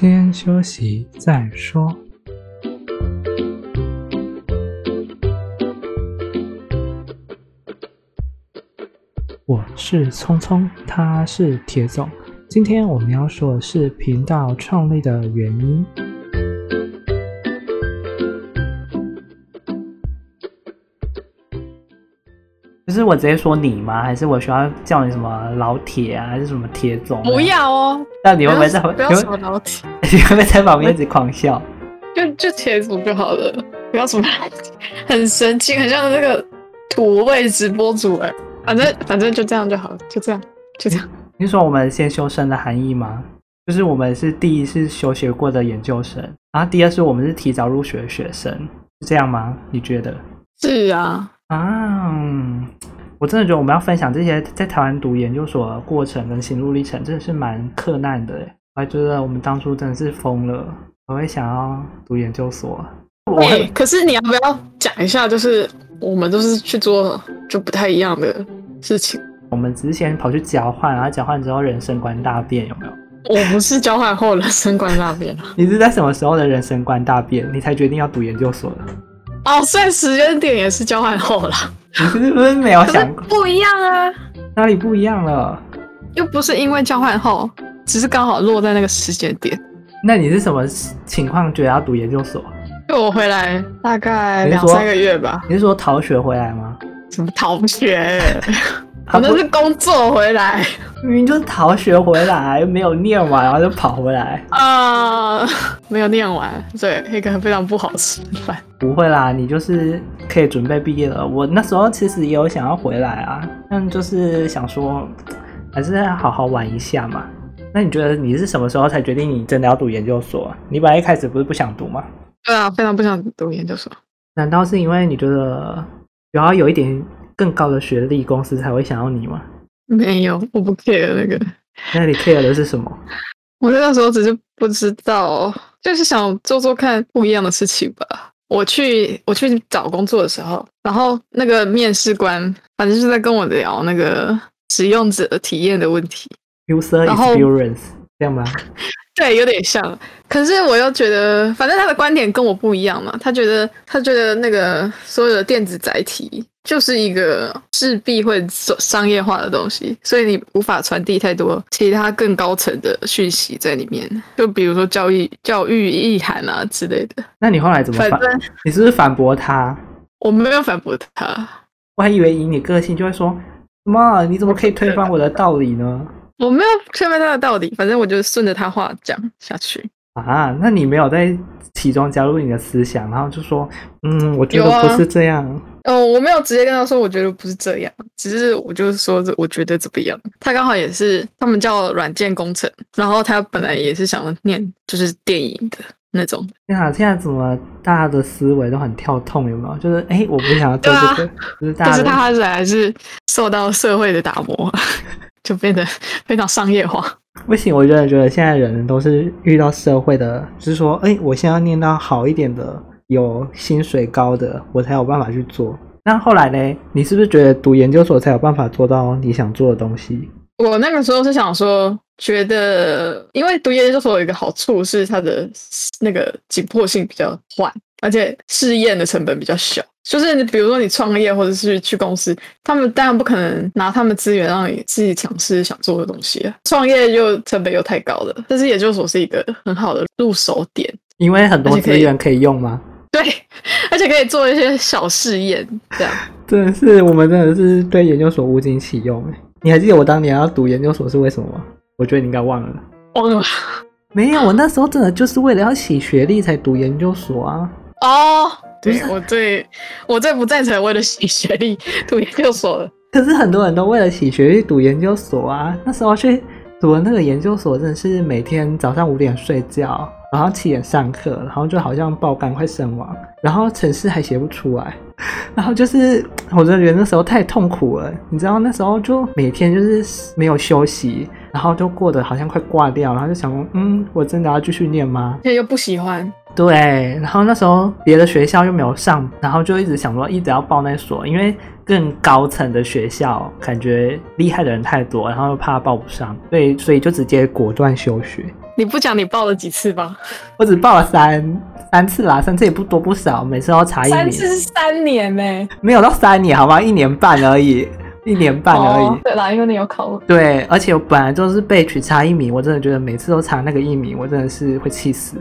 先休息再說。我是聰聰，他是鐵總。今天我們要說的是是頻道創立的原因。是我直接說你嗎？還是我需要叫你什麼老鐵啊？還是什麼鐵總？不要哦！那你會不會在？不要，會不要什麼老鐵！ 你會不會在旁邊一直狂笑？ 就就鐵總就好了，不要什麼很神經，很像那個土味直播主哎、欸。反正反正就這樣就好了，就這樣就這樣你。你說我們先修生的含義嗎？就是我們是第一次休學過的研究生啊，然後第二次我們是提早入學的學生，是這樣嗎？你覺得？是啊啊。嗯我真的覺得我們要分享這些在台灣讀研究所的過程跟心路歷程，真的是蠻克難的誒。我還覺得我們當初真的是瘋了，我會想要讀研究所。欸，可是你要不要講一下，就是我們都是去做就不太一樣的事情。我們之前跑去交換，然後交換之後人生觀大變，有沒有？我不是交換後人生觀大變啊，你是在什麼時候的人生觀大變，你才決定要讀研究所的？哦，算時間點也是交換後了。你是不是沒有想過？ 可是不一樣啊，哪裡不一樣了？又不是因為交換後，只是剛好落在那個時間點。那你是什麼情況覺得要讀研究所？就我回來大概兩三個月吧。你是說逃學回來嗎？什麼逃學？ 好像是工作回來，明明就是逃學回來，沒有念完，然後就跑回來。啊、呃，沒有念完，對，那個非常不好吃飯。不會啦，你就是可以準備畢業了。我那時候其實也有想要回來啊，但就是想說，還是要好好玩一下嘛。那你覺得你是什麼時候才決定你真的要讀研究所？你本來一開始不是不想讀嗎？對啊，非常不想讀研究所。難道是因為你覺得，主要有一點？更高的學歷，公司才會想要你嗎？沒有，我不 care 那個。那你 care 的是什麼？我那個時候只是不知道，就是想做做看不一樣的事情吧。我去我去找工作的時候，然後那個面試官反正是在跟我聊那個使用者體驗的問題，user 然後 experience 這樣嗎？對，有點像。可是我又覺得，反正他的觀點跟我不一樣嘛。他覺得他覺得那個所有的電子載體。就是一個勢必會商商業化的東西，所以你無法傳遞太多其他更高層的訊息在裡面。就比如說教育、教育意涵啊之類的。那你後來怎麼辦？反正你是不是反駁他？我沒有反駁他。我還以為以你個性就會說：“媽，你怎麼可以推翻我的道理呢？”我沒有推翻他的道理，反正我就順着他話講下去。啊，那你沒有在其中加入你的思想，然後就說，嗯，我覺得不是這樣。啊、哦，我沒有直接跟他說，我覺得不是這樣，只是我就是說，這我覺得怎麼樣。他剛好也是，他們叫軟件工程，然後他本來也是想念就是電影的那種。對啊，現在怎麼大家的思維都很跳痛，有沒有？就是哎，我不想要這個，啊、就是大家。就是他還是受到社會的打磨，就變得非常商業化。不行，為什麼我真的覺得現在人都是遇到社會的，就是說，哎，我現在要念到好一點的，有薪水高的，我才有辦法去做。那後來呢？你是不是覺得讀研究所才有辦法做到你想做的東西？我那個時候是想說，覺得因為讀研究所有一個好處是它的那個緊迫性比較緩，而且試驗的成本比較小。就是你，比如說你創業或者是去公司，他們當然不可能拿他們資源讓你自己嘗試想做的東西。創業又成本又太高了，但是研究所是一個很好的入手點，因為很多資源可，可以用嘛。對，而且可以做一些小試驗，這樣。真的是，我們真的是對研究所物盡其用。哎，你還記得我當年要讀研究所是為什麼嗎？我覺得你應該忘了。忘了？沒有，我那時候真的就是為了要洗學歷才讀研究所啊。哦。Oh. 對，對，我最我最不贊成為了洗學歷讀研究所了。 可是很多人都為了洗學歷讀研究所啊。那時候去讀的那個研究所，真的是每天早上五點睡覺，然後七點上課，然後就好像爆肝快身亡，然後程式還寫不出來，然後就是我真覺，覺得那時候太痛苦了。你知道那時候就每天就是沒有休息，然後就過得好像快掛掉，然後就想，嗯，我真的要繼續念嗎？而且又不喜歡。對，然後那時候別的學校又沒有上，然後就一直想說，一直要報那所，因為更高層的學校感覺厲害的人太多，然後又怕他報不上，所以所以就直接果斷休學。你不講你報了幾次吧？我只報了三三次啦，三次也不多不少，每次都查一年。三次是三年誒、欸，沒有到三年好嗎？一年半而已。一年半而已，oh, 對啦，因為你有考過。對，而且我本來就是備取差一名，我真的覺得每次都差那個一名，我真的是會氣死。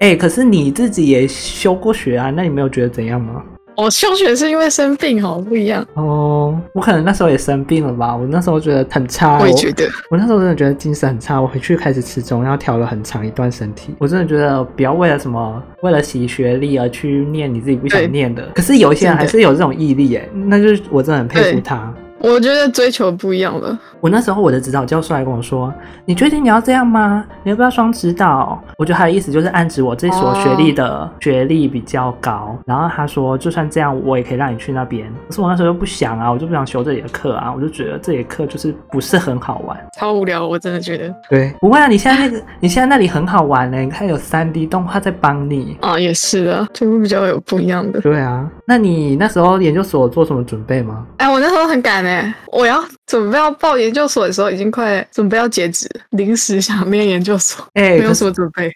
哎，可是你自己也休過學啊？那你沒有覺得怎樣嗎？我休、oh, 學是因為生病、哦，吼，不一樣。哦，oh, 我可能那時候也生病了吧？我那時候覺得很差，我也覺得我，我那時候真的覺得精神很差。我回去開始吃中藥，然後調了很長一段身體。我真的覺得，不要為了什麼，為了洗學歷而去念你自己不想念的。對可是有一些人還是有這種毅力、欸，哎，那就是我真的很佩服他。我覺得追求不一樣了。我那時候我的指導教授還跟我說：“你確定你要這樣嗎？你要不要雙指導？”我覺得他的意思就是暗指我這所學歷的學歷比較高。啊、然後他說：“就算這樣，我也可以讓你去那邊。”可是我那時候又不想啊，我就不想修這裡的課啊，我就覺得這裡的課就是不是很好玩，超無聊，我真的覺得。對，不會啊，你現在那個， 你現在那裡很好玩嘞、欸？你看有三 D 動畫在幫你啊，也是啊，就會比較有不一樣的。對啊。那你那時候研究所做什麼準備嗎？哎，我那時候很趕哎、欸，我要準備要報研究所的時候已經快準備要截止，臨時想念研究所，哎誒，沒有什麼準備，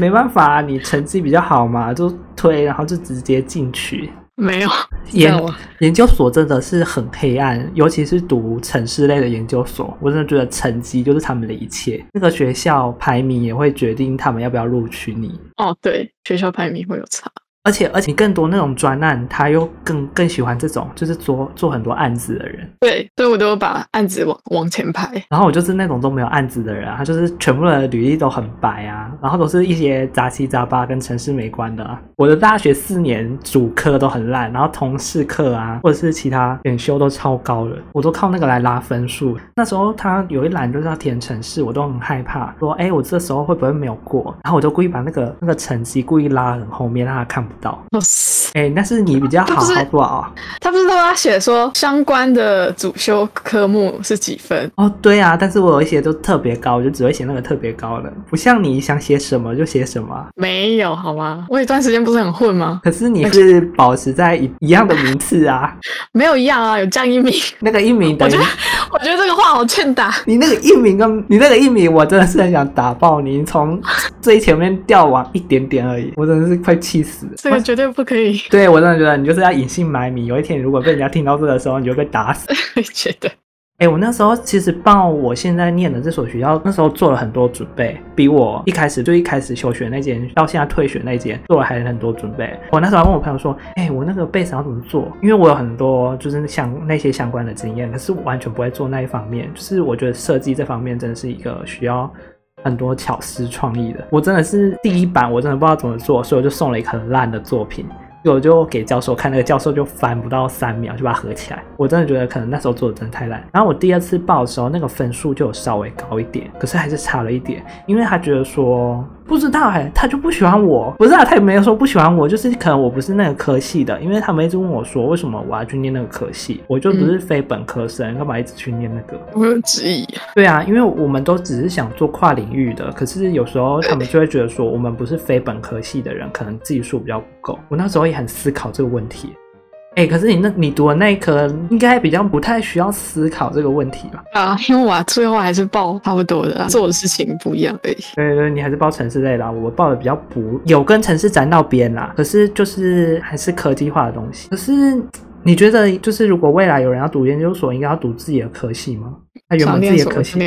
沒辦法，你成績比較好嘛，就推，然後就直接進去。沒有，研我研究所真的是很黑暗，尤其是讀城市類的研究所，我真的覺得成績就是他們的一切，那個學校排名也會決定他們要不要錄取你。哦，對，學校排名會有差。而且而且更多那種專案，他又更更喜歡這種，就是做做很多案子的人。對，所以我都把案子往往前排。然後我就是那種都沒有案子的人，他就是全部的履歷都很白啊，然後都是一些雜七雜八跟成績沒關的，啊。我的大學四年主科都很爛，然後通識課啊或者是其他選修都超高了，我都靠那個來拉分數。那時候他有一欄就是要填成績，我都很害怕，說哎我這時候會不會沒有過？然後我就故意把那個那個成績故意拉很後面，讓他看。到，哎、哦欸，那是你比較好，好不好、啊他不？他不是都要寫說相關的主修科目是幾分？哦，對啊，但是我有一些都特別高，我就只會寫那個特別高的，不像你想寫什麼就寫什麼、啊。沒有好嗎？我有段時間不是很混嗎？可是你是保持在一一樣的名次啊， 沒有一樣啊，有降一名。 那個一名等，等於。我覺得這個話好欠打你。你那個一名跟你那個一名，我真的是很想打爆你，從最前面掉完一點點而已，我真的是快氣死了。這個我絕對不可以！對我真的覺得你就是要隱姓埋名。有一天如果被人家聽到這個的時候，你就被打死。絕對。哎，我那時候其實報我現在念的這所學校，那時候做了很多準備，比我一開始就一開始休學那間，到現在退學那間做了還很多準備。我那時候還問我朋友說：“哎，我那個備審要怎麼做？”因為我有很多就是相那些相關的經驗，可是我完全不會做那一方面。就是我覺得設計這方面真的是一個需要。很多巧思創意的，我真的是第一版，我真的不知道怎麼做，所以我就送了一個很爛的作品，我就給教授看，那個教授就翻不到三秒就把它合起來，我真的覺得可能那時候做的真的太爛。然後我第二次報的時候，那個分數就有稍微高一點，可是還是差了一點，因為他覺得說。不知道哎、欸，他就不喜歡我。不是啊，他也沒有說不喜歡我，就是可能我不是那個科系的，因為他們一直問我說為什麼我要去念那個科系，我就不是非本科生，幹、嗯、嘛一直去念那個？沒有質疑。對啊，因為我們都只是想做跨領域的，可是有時候他們就會覺得說我們不是非本科系的人，可能技術比較不夠。我那時候也很思考這個問題。哎、欸，可是你那，你讀的那一科應該比較不太需要思考這個問題吧？啊，因為我最後還是報差不多的，做的事情不一樣而已。對，對對，你還是報城市類啦，我報的比較不有跟城市沾到邊啦。可是就是還是科技化的東西。可是你覺得，就是如果未來有人要讀研究所，應該要讀自己的科系嗎？有沒有自己的科系。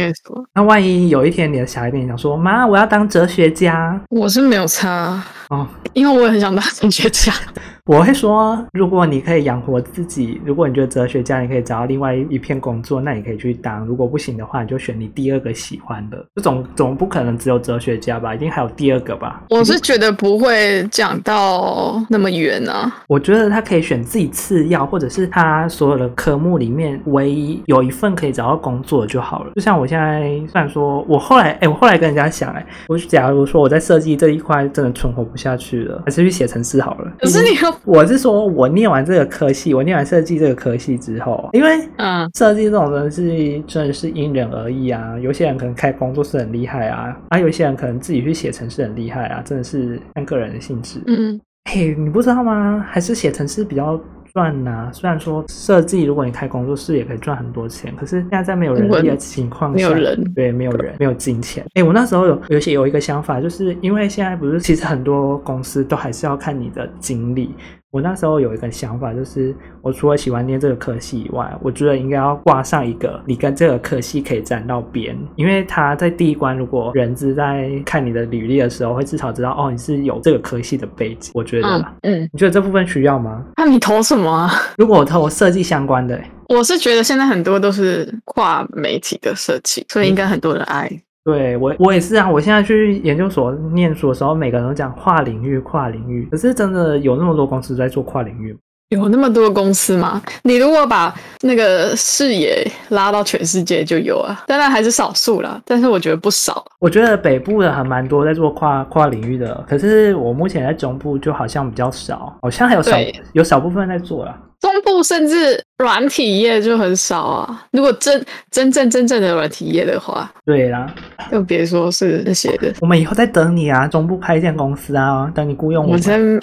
那萬一有一天你的下一代，想說，媽，我要當哲學家，我是沒有差哦，因為我也很想當哲學家。 我會說，如果你可以養活自己，如果你覺得哲學家你可以找到另外一一片工作，那你可以去當。如果不行的話，你就選你第二個喜歡的。就總總不可能只有哲學家吧，一定還有第二個吧。我是覺得不會講到那麼遠啊。我覺得他可以選自己次要，或者是他所有的科目裡面唯一有一份可以找到工作就好了。就像我現在算說，雖然說我後來，哎、欸，我後來跟人家講、欸，哎，我假如說我在設計這一塊真的存活不下去了，還是去寫程式好了。可是你和。我是說，我念完這個科系，我念完設計這個科系之後，因為設計這種東西真的是因人而異啊，有些人可能開工作室很厲害啊，啊，有些人可能自己去寫程式很厲害啊，真的是看個人的興趣。嗯，嘿，hey，你不知道嗎？還是寫程式比較。賺吶、啊，雖然說設計，如果你開工作室也可以賺很多錢，可是現在在沒有人力的情況下，沒有人，對，沒有人，對沒有金錢。哎，我那時候有有些有一個想法，就是因為現在不是，其實很多公司都還是要看你的經歷。我那時候有一個想法，就是我除了喜歡念這個科系以外，我覺得應該要掛上一個你跟這個科系可以沾到邊，因為它在第一關，如果人資在看你的履歷的時候，會至少知道哦，你是有這個科系的背景。我覺得，哦、嗯，你覺得這部分需要嗎？那、啊、你投什麼、啊？如果我投我設計相關的、欸，我是覺得現在很多都是跨媒體的設計，所以應該很多人愛。嗯對我，我也是啊！我現在去研究所念書的時候，每個人都講跨領域，跨領域。可是真的有那麼多公司在做跨領域？有那麼多公司嗎？你如果把那個視野拉到全世界，就有啊，當然還是少數啦，但是我覺得不少。我覺得北部的還蠻多在做跨跨領域的，可是我目前在中部就好像比較少，好像還有少對有少部分在做啦。中部甚至軟體業就很少啊。如果真真正真正的軟體業的話，對啦，又別說是那些的。我們以後再等你啊，中部開一間公司啊，等你僱傭我。我真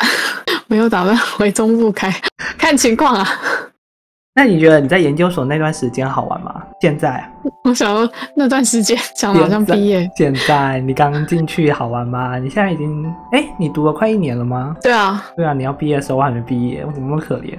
沒有打算回中部開， 看情況啊。那你覺得你在研究所那段時間好玩嗎？現在，我想說那段時間想馬上畢業。現在，現在你剛進去好玩嗎？你現在已經哎、欸，你讀了快一年了嗎？對啊，對啊，你要畢業的時候我還沒畢業，我怎麼那麼可憐？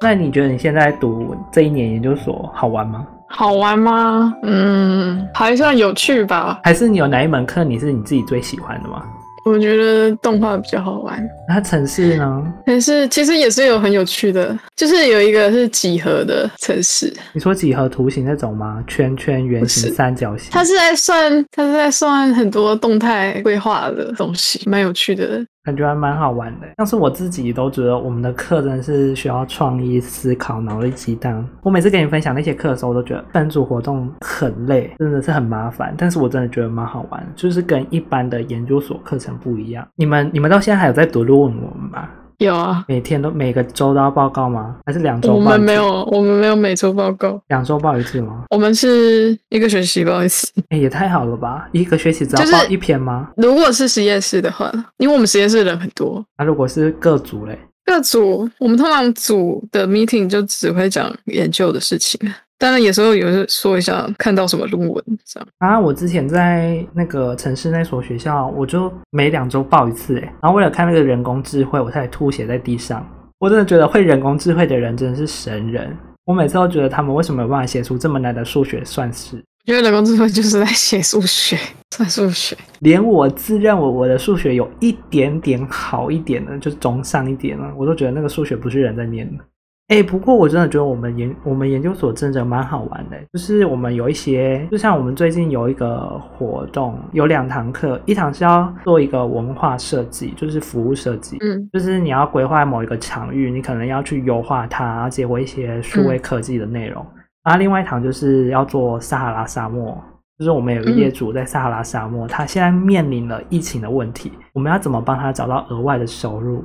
那你覺得你現在讀這一年研究所好玩嗎？好玩嗎？嗯，還算有趣吧。還是你有哪一門課你是你自己最喜歡的嗎？我覺得動畫比較好玩。那程式呢？程式其實也是有很有趣的，就是有一個是幾何的程式。你說幾何圖形那種嗎？圈圈、圓形、三角形？它是在算，它是在算很多動態規劃的東西，蠻有趣的。感覺還蠻好玩的，但是我自己都覺得我們的課真的是需要創意思考、腦力激盪。我每次跟你分享那些課的時候，我都覺得分組活動很累，真的是很麻煩。但是我真的覺得蠻好玩，就是跟一般的研究所課程不一樣。你們你們到現在還有在讀論文嗎？有啊，每天都每個周都要報告嗎？還是兩周？我們沒有，我們沒有每周報告，兩周報一次嗎？我們是一個學期報一次，誒，也太好了吧！一個學期只要報一篇嗎？就是、如果是實驗室的話，因為我們實驗室人很多，那、啊、如果是各組嘞？各組我們通常組的 meeting 就只會講研究的事情。當然，但有時候也是說一下看到什麼論文這樣啊。我之前在那個城市那所學校，我就每兩周報一次哎。然後為了看那個人工智慧，我才吐血在地上。我真的覺得會人工智慧的人真的是神人。我每次都覺得他們為什麼有辦法寫出這麼難的數學算式？因為人工智慧就是在寫數學、算數學。連我自認為我的數學有一點點好一點的，就中上一點了，我都覺得那個數學不是人在念的。哎，不過我真的覺得我們研我們研究所真的蠻好玩的，就是我們有一些，就像我們最近有一個活動，有兩堂課，一堂是要做一個文化設計，就是服務設計，就是你要規劃某一個場域，你可能要去優化它，然後結合一些數位科技的內容。嗯、然後另外一堂就是要做撒哈拉沙漠，就是我們有個業主在撒哈拉沙漠，他、嗯、現在面臨了疫情的問題，我們要怎麼幫他找到額外的收入？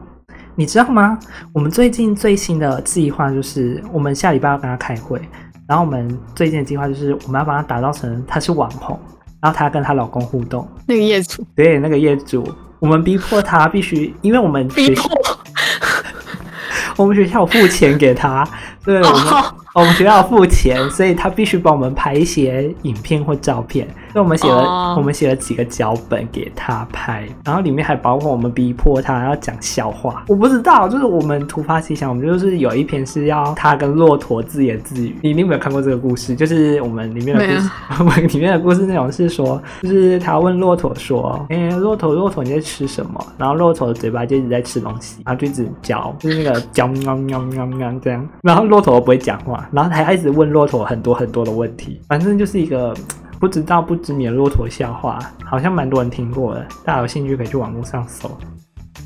你知道嗎？我們最近最新的計劃就是，我們下禮拜要跟她開會。然後我們最近的計劃就是，我們要把她打造成她是網紅，然後她跟她老公互動。那個業主？對，那個業主，我們逼迫她必須，因為我們學校，逼迫， 我們學校付錢給她。對，我們。 我們學校要付錢，所以他必須幫我們拍一些影片或照片。所以我們寫了、oh. 我們寫了幾個腳本給他拍，然後裡面還包括我們逼迫他要講笑話。我不知道，就是我們突發奇想，我們就是有一篇是要他跟駱駝自言自語你。你有沒有看過這個故事？就是我們裡面的故事，我們有 裡面的故事內容是說，就是他問駱駝說：“誒、欸、駱駝，駱駝你在吃什麼？”然後駱駝的嘴巴就一直在吃東西，然後就一直嚼，就是那個嚼喵喵喵喵這樣。然後駱駝都不會講話。然後他還一直問駱駝很多很多的問題，反正就是一個不知道不知名的駱駝的笑話，好像蠻多人聽過的。大家有興趣可以去網絡上搜。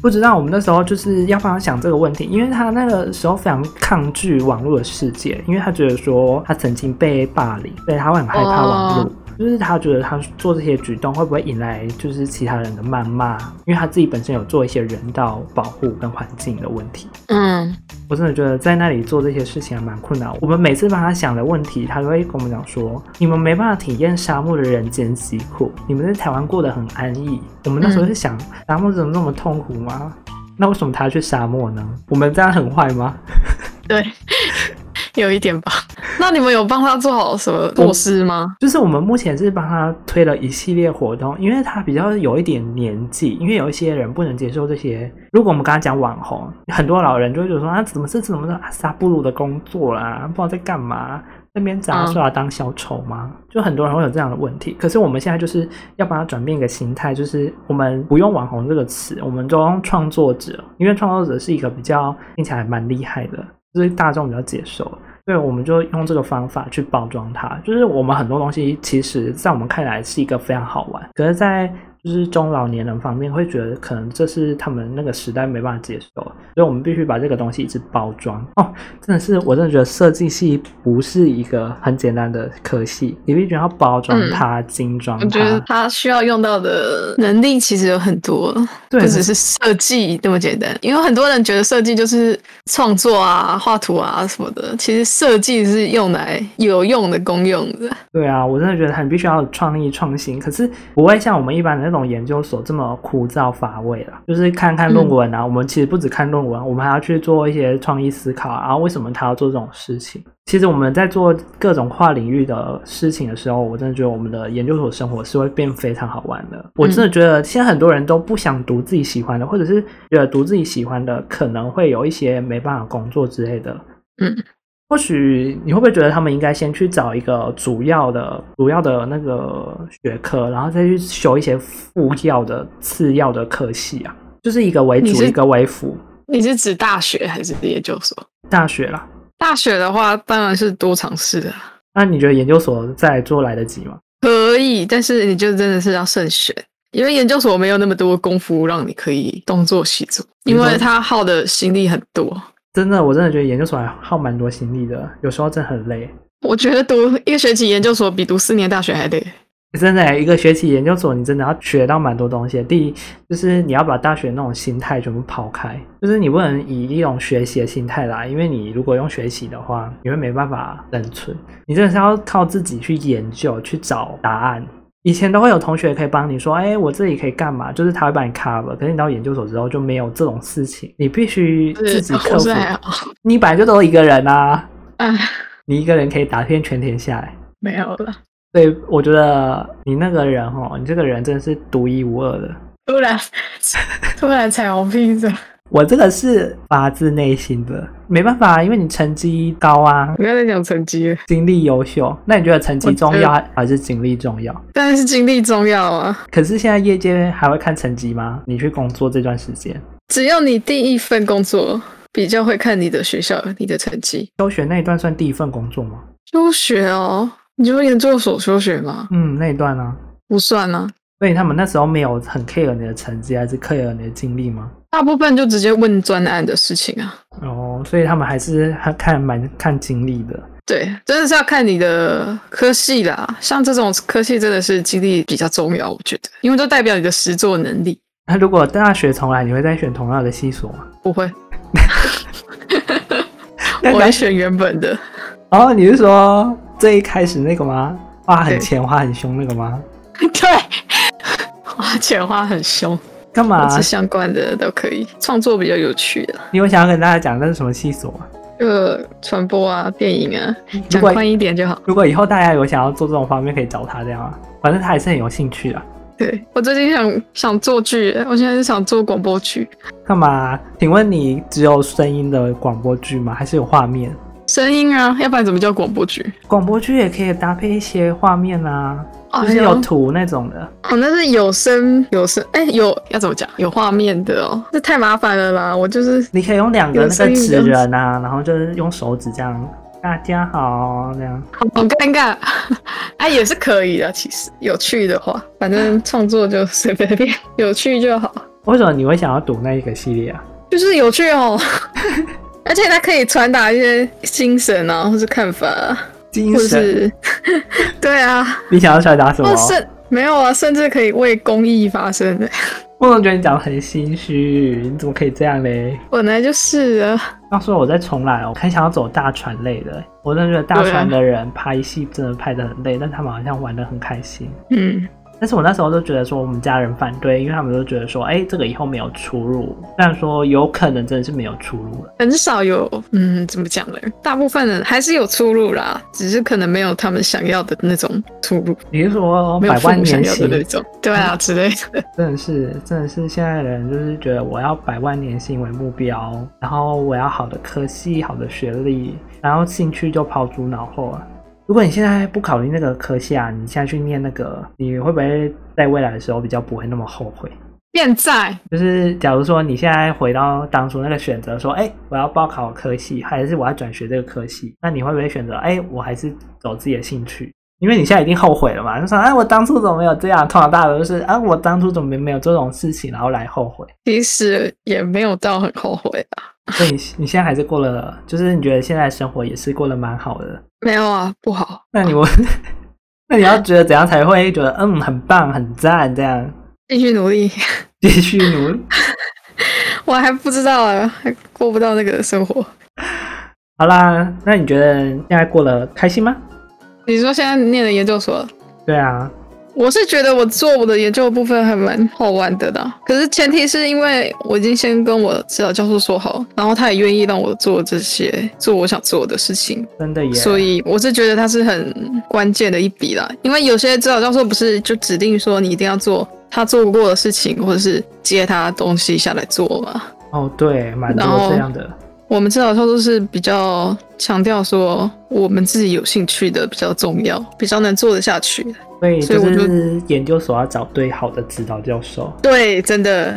不知道，我們那時候就是要幫他想這個問題，因為他那個時候非常抗拒網絡的世界，因為他覺得說他曾經被霸凌，所以他會很害怕網絡。Oh. 就是他覺得他做這些舉動會不會引來就是其他人的謾罵？因為他自己本身有做一些人道保護跟環境的問題。嗯，我真的覺得在那裡做這些事情還蠻困難。我們每次幫他想的問題，他都會跟我們講說：“你們沒辦法體驗沙漠的人間疾苦，你們在台灣過得很安逸。”我們那時候是想沙漠，嗯、怎麼那麼痛苦嗎？那為什麼他去沙漠呢？我們這樣很壞嗎？對。 有一點吧。那你們有幫他做好什麼措施嗎、嗯？就是我們目前是幫他推了一系列活動，因為他比較有一點年紀，因為有一些人不能接受這些。如果我們跟他講網紅，很多老人就會覺得說啊，怎麼這是怎麼阿薩布魯的工作啦、啊？不知道在幹嘛？那邊長得帥啊，當小丑嗎？啊、就很多人會有這樣的問題。可是我們現在就是要幫他轉變一個心態，就是我們不用“網紅”這個詞，我們就用“創作者”，因為創作者是一個比較聽起來蠻厲害的。就是大眾比較接受，對，我們就用這個方法去包裝它。就是我們很多東西，其實在我們看來是一個非常好玩，可是，在。就是中老年人方面會覺得可能這是他們那個時代沒辦法接受，所以我們必須把這個東西一直包裝哦。真的是，我真的覺得設計系不是一個很簡單的科系，你必須要包裝它，嗯、精裝它。我覺得它需要用到的能力其實有很多，對不只是設計那麼簡單。因為很多人覺得設計就是創作啊、畫圖啊什麼的，其實設計是用來有用的、功用的。對啊，我真的覺得很必須要創意創新，可是不會像我們一般人。這種研究所這麼枯燥乏味了，啊，就是看看論文啊。嗯、我們其實不只看論文，我們還要去做一些創意思考啊。然後為什麼他要做這種事情？其實我們在做各種跨領域的事情的時候，我真的覺得我們的研究所生活是會變非常好玩的。我真的覺得現在很多人都不想讀自己喜歡的，或者是覺得讀自己喜歡的可能會有一些沒辦法工作之類的。嗯或許你會不會覺得他們應該先去找一個主要的主要的那個學科，然後再去修一些副教的次要的科系啊？就是一個為主，是一個為輔。你是指大學還是研究所？大學啦。大學的話，當然是多嘗試的。那、啊、你覺得研究所在做來得及嗎？可以，但是你就真的是要慎選，因為研究所沒有那麼多功夫讓你可以東做西做，因為他耗的心力很多。真的，我真的覺得研究所還耗蠻多心力的，有時候真的很累。我覺得讀一個學期研究所比讀四年大學還累。欸、真的，一個學期研究所你真的要學到蠻多東西。第一，就是你要把大學那種心態全部拋開，就是你不能以一種學習的心態來，因為你如果用學習的話，你會沒辦法生存。你真的是要靠自己去研究，去找答案。以前都會有同學可以幫你說，哎，我這裡可以幹嘛？就是他會幫你 cover。可是你到研究所之後就沒有這種事情，你必須自己克服。你本來就都一個人吶，啊，啊你一個人可以打遍全天下來，哎，沒有了。對，我覺得你那個人哦，你這個人真的是獨一無二的。突然，突然彩虹屁是我這個是發自內心的，沒辦法啊，因為你成績高啊！我剛才講成績，經歷優秀，那你覺得成績重要還是經歷重要？當然是經歷重要啊！可是現在業界還會看成績嗎？你去工作這段時間，只要你第一份工作比較會看你的學校、你的成績。休學那一段算第一份工作嗎？休學哦，你就是研究所休學嗎？嗯，那一段啊，不算啊。所以他們那時候沒有很 care 你的成績，還是 care 你的經歷嗎？大部分就直接問專案的事情啊。哦，所以他們還是很看蠻看經歷的。對，真、就、的是要看你的科系啦。像這種科系，真的是經歷比較重要，我覺得，因為都代表你的實作能力。那如果大學重來，你會再選同樣的系所嗎？不會，我會選原本的。哦，你是說最一開始那個嗎？花很錢，花對很兇那個嗎？對，花錢花很兇。幹嘛、啊？相關的都可以，創作比較有趣的。你有想要跟大家講那是什麼系所嗎？就傳、呃、播啊，電影啊，講寬果一點就好。如果以後大家有想要做這種方面，可以找他這樣啊，反正他也是很有興趣的、啊。對，我最近想想做劇，我現在是想做廣播劇。幹嘛、啊？請問你只有聲音的廣播劇嗎？還是有畫面？聲音啊，要不然怎麼叫廣播劇？廣播劇也可以搭配一些畫面啊，哦、就是有圖那種的。哦，那是有聲有聲，哎，有要怎麼講？有畫面的哦，這太麻煩了啦。我就是你可以用兩個那個紙人啊，然後就是用手指這樣，大家好這樣。好尷尬，哎、 啊，也是可以的，其實有趣的話，反正創作就隨便變， 有趣就好。為什麼你會想要讀那一個系列啊？就是有趣哦。 而且它可以傳達一些精神啊，或者看法啊，精神。或是 對啊，你想要傳達什麼？或是沒有啊，甚至可以為公益發聲我、欸、不覺得你講得很心虛，你怎麼可以這樣嘞？本來就是啊。到時候我再重來哦，很想要走大船類的。我真的覺得大船的人拍戲真的拍得很累，啊、但他們好像玩得很開心。嗯。但是我那時候就覺得說，我們家人反對，因為他們都覺得說，哎、欸，這個以後沒有出路。但是說有可能真的是沒有出路了，很少有。嗯，怎麼講呢？大部分人還是有出路啦，只是可能沒有他們想要的那種出路。比如說沒有 百萬年薪的那種，對啊，之類的。真的是，真的是，現在的人就是覺得我要百萬年薪為目標，然後我要好的科系、好的學歷，然後興趣就拋諸腦後啊。如果你現在不考慮那個科系啊，你現在去念那個，你會不會在未來的時候比較不會那麼後悔？現在。就是假如說你現在回到當初那個選擇，說，哎、欸，我要報考科系，還是我要轉學這個科系？那你會不會選擇，哎、欸，我還是走自己的興趣？因為你現在已經後悔了嘛，就說哎、啊，我當初怎麼沒有這樣？通常大家都、就是啊，我當初怎麼沒沒有做這種事情，然後來後悔。其實也沒有到很後悔啊。所以你你現在還是過了，就是你覺得現在生活也是過得蠻好的。沒有啊，不好。那你問。哦、 那你要覺得怎樣才會覺得嗯很棒很讚這樣？繼續努力，繼續努力。 我還不知道，啊，還過不到那個生活。好啦，那你覺得現在過得開心嗎？你說現在念的研究所？對啊，我是覺得我做我的研究的部分還蠻好玩的啦。可是前提是因為我已經先跟我指導教授說好，然後他也願意讓我做這些，做我想做的事情。真的耶，所以我是覺得他是很關鍵的一筆啦。因為有些指導教授不是就指定說你一定要做他做過的事情，或者是接他東西下來做嗎？哦，對，蠻多這樣的。我們指導教授是比較強調說，我們自己有興趣的比較重要，比較能做得下去。所以對，所以我覺得研究所要找對好的指導教授。對，真的，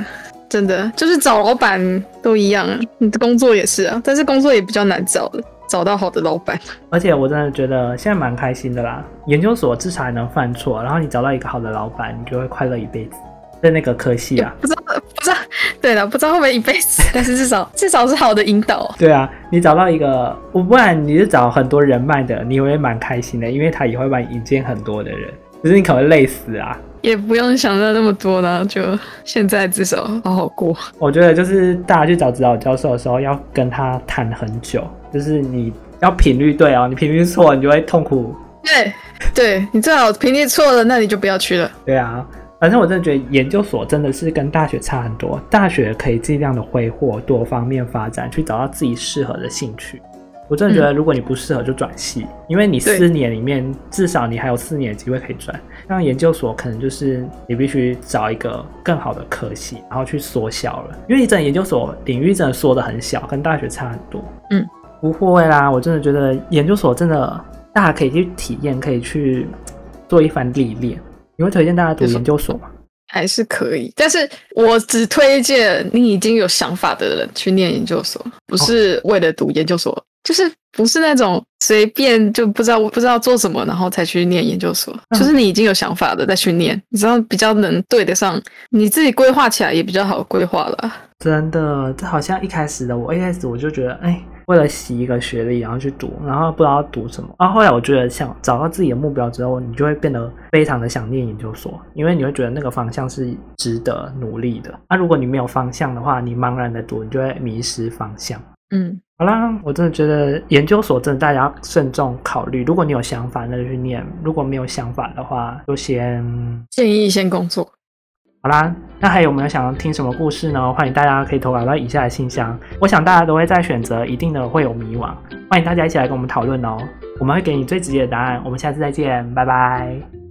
真的就是找老闆都一樣啊，你的工作也是啊，但是工作也比較難找，找到好的老闆。而且我真的覺得現在蠻開心的啦，研究所至少還能犯錯，然後你找到一個好的老闆，你就會快樂一輩子。在那個科系啊，不知道不知道，對了，不知道會不會一輩子， 但是至少至少是好的引導。對啊，你找到一個，我不然你就找很多人脈的，你會蠻開心的，因為他也會幫你引薦很多的人，可、就是你可能會累死啊。也不用想到那麼多啦。就現在至少好好過。我覺得就是大家去找指導教授的時候，要跟他談很久，就是你要頻率對哦，你頻率錯，你就會痛苦。對，對你最好頻率錯了，那你就不要去了。對啊。反正我真的覺得研究所真的是跟大學差很多，大學可以儘量的揮霍，多方面發展，去找到自己適合的興趣。我真的覺得，如果你不適合就轉系，因為你四年裡面至少你還有四年的機會可以轉。那研究所可能就是你必須找一個更好的科系，然後去縮小了，因為你整個研究所領域真的縮的很小，跟大學差很多。嗯，不會啦，我真的覺得研究所真的大家可以去體驗，可以去做一番歷練。你會推薦大家讀研究所嗎？還是可以，但是我只推薦你已經有想法的人去念研究所，不是為了讀研究所，哦、就是不是那種隨便就不知道我不知道做什麼，然後才去念研究所，就是你已經有想法的再去念，嗯、你知道比較能對得上，你自己規劃起來也比較好規劃了。真的，這好像一開始的我一開始我就覺得，哎，為了洗一個學歷，然後去讀，然後不知道要讀什麼。啊，後來我覺得，想找到自己的目標之後，你就會變得非常的想念研究所，因為你會覺得那個方向是值得努力的。那、啊、如果你沒有方向的話，你茫然的讀，你就會迷失方向。嗯，好啦，我真的覺得研究所真的大家要慎重考慮。如果你有想法，那就去念；如果沒有想法的話，就先建議先工作。好啦，那還有沒有想要聽什麼故事呢？歡迎大家可以投稿到以下的信箱。我想大家都會在選擇，一定的會有迷惘，歡迎大家一起來跟我們討論哦。我們會給你最直接的答案。我們下次再見，拜拜。